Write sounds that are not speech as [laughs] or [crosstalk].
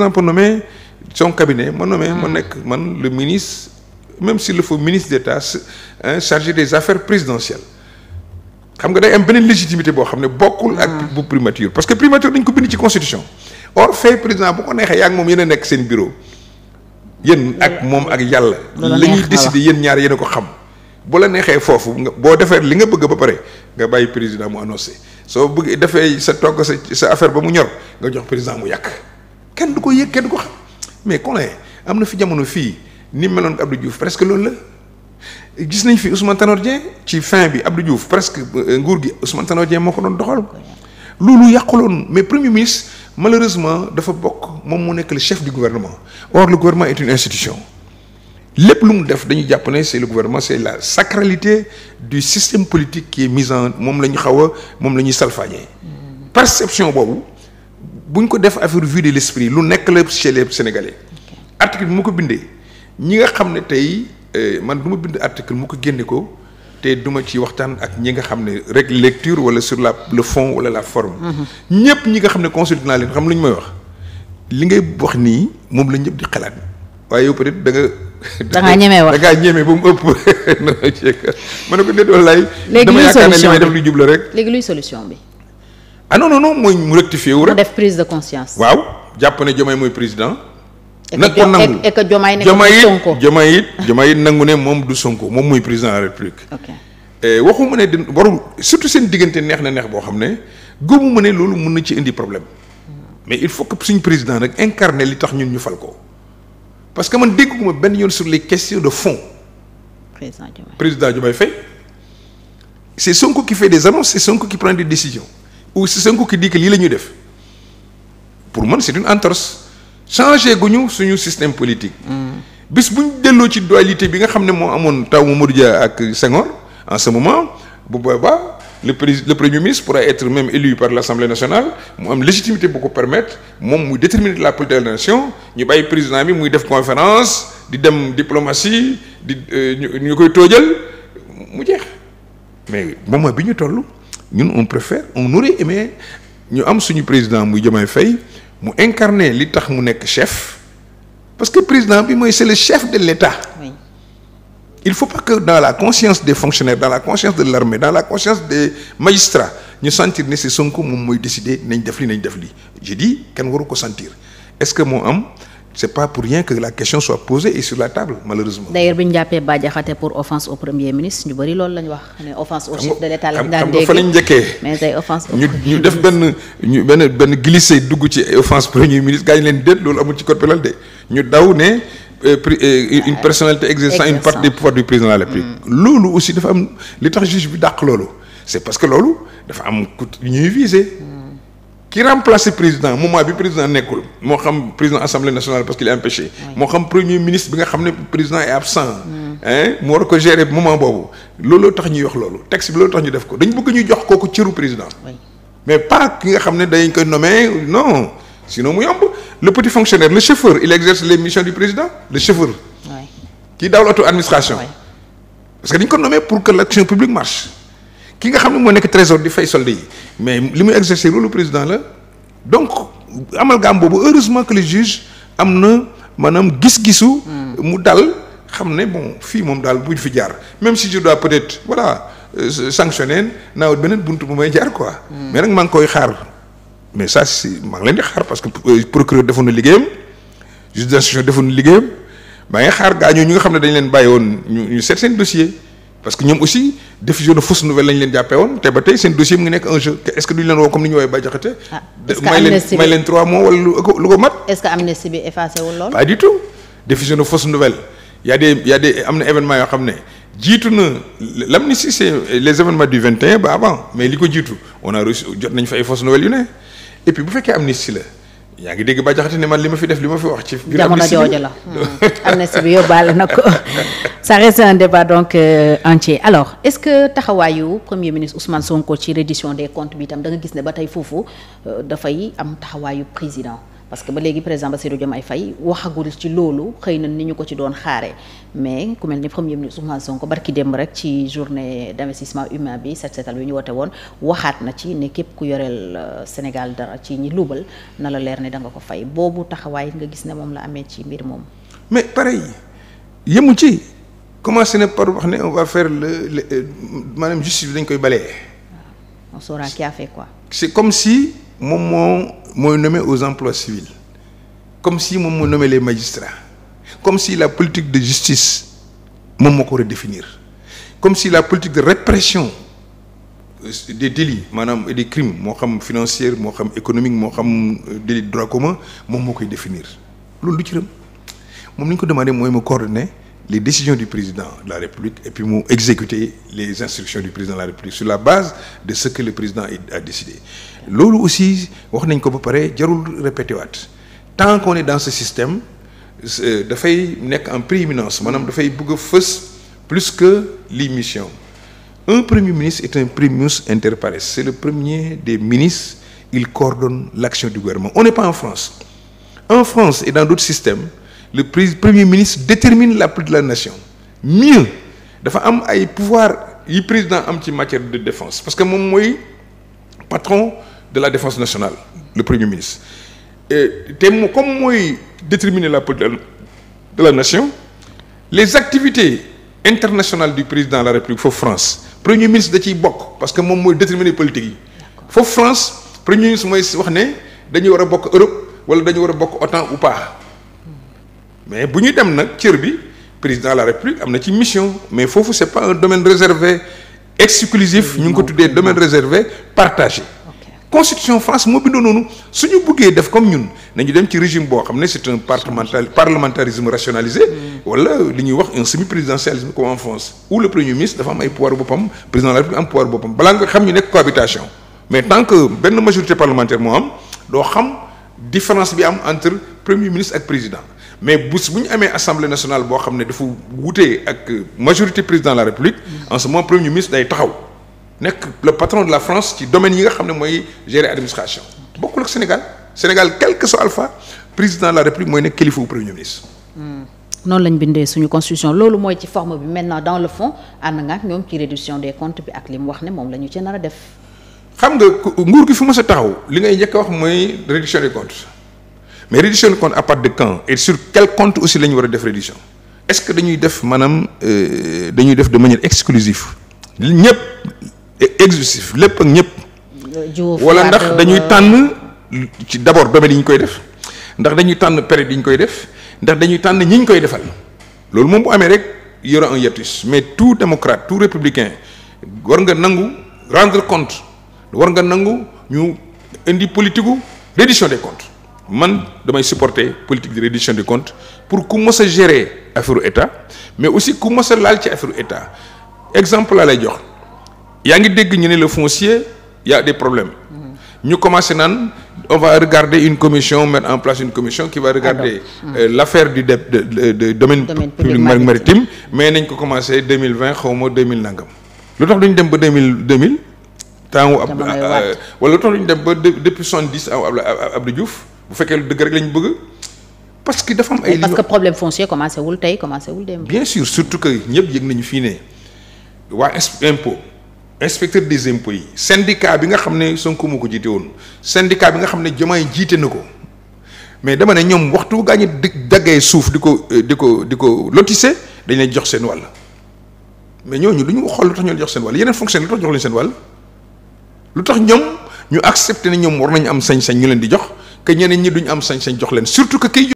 président peut nommer son cabinet ma nommé ma hmm. nekk man le ministre même si le faut ministre d'État chargé des affaires présidentielles xam nga day am beneen légitimité boo xam ne bokkul ak hmm. bu primature parce que primature dañ ko bind ci constitution or fait président bu ko neexee yaa ngi moom yéen nekk seen bureau yéen hmm. ak moom ak yàlla li ñuy décider yéen ñaar yéen ko xam bu la neexee foofu nga boo defee li nga bëgg ba pare nga bàyyi président mu annoncé soo bëgg defee sa togg sa sa affaire ba mu ñor nga jox président mu yàq kenn du ko yëg kenn du ko xam mais Colin am na fi jamono fii ni meloon Abdou Diouf presque loolu la gis nañ fi Ousmane Tanor Dieng ci fin bi Abdou Diouf presque euh, nguur gi Ousmane Tanor Dieng moo ko doon doxal loolu yàquloon mais premier ministre malheureusement dafa bokk moom moo nekk le chef du gouvernement or le gouvernement est une institution lépp lu mu def dañuy jàpp ne c'est le gouvernement c'est la sacralité du système politique qui mise en moom la ñu xaw a moom la ñuy salfaañee perception boobu bu ñu ko def affaire vue de l'esprit lu nekk la chez les sénégalais article bi mu ko bindee ñi nga xam ne tey euh, man du ma bind article mu ko génne ko te duma ci waxtaan ak ñi nga xam ne rek lecture wala sur la le fond wala la forme. Mhm. ñëpp ñi nga xam ne consulté naa leen xam lu ñu may wax. li ngay wax nii moom la ñëpp di xalaat waaye yow peut-être da nga. da ngaa wax [laughs] da ngaa ba mu ëpp. [laughs] ma ne ko déet walaay. léegi luy solution bi li may def lu jublu rek. léegi luy ah non non non mooy mu rectifié wu rek. def prise de waaw jàpp ne Diomaye mooy président. nag ko nangu et que Diomaye nekk du Sonko Diomaye it Diomaye it nangu ne moom du Sonko moom mooy président de la République. ok eh, ma ne dem warul surtout seen diggante neex na neex boo xam ne ma ne loolu mun na ci indi problème mais il faut que suñu président rek incarner li tax ñun ñu fal ko parce que man dégguma benn yoon sur les questions de fond. président Diomaye président Diomaye Faye c'est Sonko qui fait des annonces c'est Sonko qui prend des ou si Sonko ki di que lii la ñuy def pour man c'est une entorse changer gu ñu suñu système politique. Mm. bis bu ñu delloo ci dualité bi nga xam ne moo amoon taw Mamadou Dia ak Senghor en ce moment bu ba le pré le premier ministre pourra être même élu par l'Assemblée nationale mu am légitimité bu ko permettre moom muy déterminer la politique de la nation ñu bàyyi président bi muy def conférence di dem diplomatie di euh, ñu koy toojal mu jeex mais moment bi ñu toll. ñun on préfère on aurait aimé ñu am suñu président muy Diomaye Faye mu incarner li tax mu nekk chef parce que président bi mooy c'est le chef de l'État oui. il faut pas que dans la conscience des fonctionnaires dans la conscience de l'armée dans la conscience des magistrats ñu sentir ne c'est Sonko moom mooy décider nañ def li nañ def li je dis kenn waru ko sentir est-ce que moo am c'est pas pour rien que la question soit posée et sur la table malheureusement. d'ailleurs bi ñu jàppee Bah Diakhaté pour offense au premier ministre ñu bëri loolu la ñu wax ne offense au chef de l'État lañ daan njëkkee. ñu ñu def benn benn benn dugg ci offense premier ministre gaañ leen déet loolu amul ci code pénal de ñu daw ne. Euh, euh, une ah, personnalité exerçant une partie des pouvoirs du président de la République. Mm. loolu aussi dafa am li tax juge bi dàq loolu. c'est parce que loolu dafa ki remplacer président moment bi président nekkul moo xam président assemblée nationale parce qu'il est empêché. moo xam premier ministre bi nga xam ne président est absent. mu mm. war ko gérer moment boobu looloo tax ñuy wax loolu texte bi loolu tax ñu def ko dañ bëgg ñu jox kooku cëru président. mais pas ki nga xam ne dañ koy nommer non sinon mu yomb le petit fonctionnaire le chauffeur il exerce les missions du président le chauffeur. pour que l'action publique ki nga xam ne moo nekk trésor di fay solde yi. mais li muy exercer loolu président la donc amalgame boobu heureusement que le juge am na maanaam gis-gisu. mu dal xam ne bon fii moom daal bu ñu fi jaar même si je dois peut-être voilà euh, sanctionner naawut beneen bunt bu may jaar quoi. Hmm. mais nag maa ngi koy xaar mais ça si maa ngi leen di xaar parce que euh, procureur defoon na liggéeyam juge d'instruction defoon na liggéeyam maa ngi xaar gaa gaañoo ñi nga xam ne dañ leen bàyyi woon ñu ñu seet seen dossier parce que ñoom aussi. diffusion de fausse nouvelle lañ leen jàppe woon te ba tey seen dossier mu ngi nekk un est-ce que duñ leen woo comme ni ñu woowee Bah Diakhaté. Ah, may leen trois mois wala lu ko mat. est-ce que amnistie bi effacé wul lool. pas du tout diffusion de fausse nouvelle y a des y am na événement yoo xam ne jiitu na l'amnistie c'est les événements du 21 ba avant mais li ko jiitu on a reçu jot nañ fa ay fausses nouvelles yu ne et puis bu fekkee amnistie la. yaa ngi dégg ba jaxati ni man li ma fi def li ma fi wax ci. jamono jooju la hmm. amnistie bi yóbbaale na ko [laughs] ça reste un débat donc euh, entier alors est-ce que taxawaayu premier ministre Ousmane Sonko ci reddition des comptes bi itam danga gis ne ba tey foofu euh, dafay am taxawaayu président. parce que ba léegi président Bassirou Diomaye Faye waxagul ci loolu xëy na ni ñu ko ci doon xaaree mais ku mel ni premier ministre Ousmane Sonko barki démb rek ci journée d'investissement humain bi set setal bi ñu woote woon waxaat na ci ne képp ku yoreel euh, Sénégal dara ci ñi luubal na la leer ne da nga ko fay boobu taxawaay nga gis ne moom la amee ci mbir moom mais pareil yemu ci commencé na par wax ne on va faire le le euh, maanaam justice dañ koy balee on saura qui mooy nommé aux emplois civils comme si moom moo nommé les magistrats comme si la politique de justice moom moo ko redéfinir comme si la politique de répression euh, des délits maanaam et des crimes moo xam financier moo xam économique moo xam euh, délit droit commun moom moo koy définir loolu du ci rëm moom li ñu ko demandé mooy mu coordonner les décisions du président de la République et puis mu exécuter les instructions du président de la République sur la base de ce que le président a décidé loolu aussi wax nañ ko ba pare jarul répété tant qu'on est système dafay nekk en prééminence maanaam dafay bëgg a fës plus que les missions un premier ministre est un primus inter pares c'est le premier des ministres il l'action du gouvernement on en France en France et dans d'autres systèmes le premier ministre détermine la de la nation mieux dafa am ay pouvoir yi président am ci matière de défense parce que moom mooy patron de la défense nationale le premier ministre te mu comme mooy déterminer l'appui de la nation les activités internationales du président de la foofu France premier ministre da bokk parce que moom mooy déterminer politique yi foofu France premier ministre mooy wax ne dañu war a bokk Europe wala dañu war a bokk OTAN ou pas mais bu ñu dem nag cër bi président de la république am na ci mission mais foofu c'est pas un domaine réservé exclusif ñu ngi ko tuddee domaine réservé partagé constitution France moo bindoo noonu su ñu buggee def comme ñun nañu dem ci régime boo xam ne c'est un parlementaire parlementarisme rationalisé. wala li ñuy wax un semi présidentialisme comme en France où le premier ministre dafa am ay pouvoir boppam président de la République am pouvoir boppam balaa nga xam ñu nekk cohabitation mais tant que benn majorité parlementaire moo am doo xam différence bi am entre premier ministre ak président. mais bés bu ñu amee assemblée nationale boo xam ne dafa wutee ak majorité président de la république mm-hmm. en ce moment premier ministre day taxaw nekk le patron de la France ci domaine yi nga xam ne mooy gérer administration bokkul ak Sénégal Sénégal quel que soit alpha président de la république mooy nekk kilifa premier ministre. Mm. noonu lañ bindee suñu constitution loolu mooy ci forme bi maintenant dans le fond ànd nga ak ñoom ci réduction des comptes bi ak li mu wax ne moom la ñu ci nar def. xam nga nguur gi fi mos a taxaw li ngay njëkk wax mooy réduction des mais réduction de compte à part de quand et sur quel compte aussi la war a def réduction est-ce que dañuy def maanaam euh, dañuy def de manière exclusive ñëpp exclusif lépp ak ñëpp wala ndax dañuy tànn ci d'abord domaine yi ñu koy def ndax dañuy tànn période yi ñu koy def ndax dañuy tànn ñi ñu koy defal loolu moom bu amee rek yore aura un hiatus mais tout démocrate tout républicain war nga nangu rendre compte war nga nangu ñu indi politique u reddition des man damay supporter politique de réduction des comptes pour ku mës a gérer affaire état mais aussi ku mës a laal ci affaire état exemple laa lay jox yaa ngi dégg ñu ne le foncier y a des problèmes ñu commencé naan on va regarder une commission mettre en place une commission qui va regarder ah euh, l'affaire du de, de, de, domaine public maritime mais nañ ko commencé 2020 xaw ma 2000 nangam lu tax duñ dem ba 2000 2000 temps euh, wala lu tax duñ dem ba depuis 70 Abdou Diouf bu fekkee lu dëgg rek lañ bëgg parce que dafa am ay. parce problème foncier commencé wul tey commencé wul dem. bien sûr surtout que ñëpp yëg nañu fii ne waa impôt inspecteur des impôts yi syndicat bi nga xam ne Sonko moo ko jiite woon syndicat bi nga xam ne yi jiite na ko mais dama ne ñoom waxtu gaañu di daggee suuf di ko euh, di ko di ko lotissé dañ lay jox seen wàll mais ñooñu lu ñu xool lu tax ñu jox seen wàll yeneen fonctionnaire lu tax jox leen seen wàll lu tax ñoom ñu accepté ne ñoom war nañu am sañ-sañ ñu leen di jox. que ñeneen ñi am sañ-sañ jox leen surtout que kiy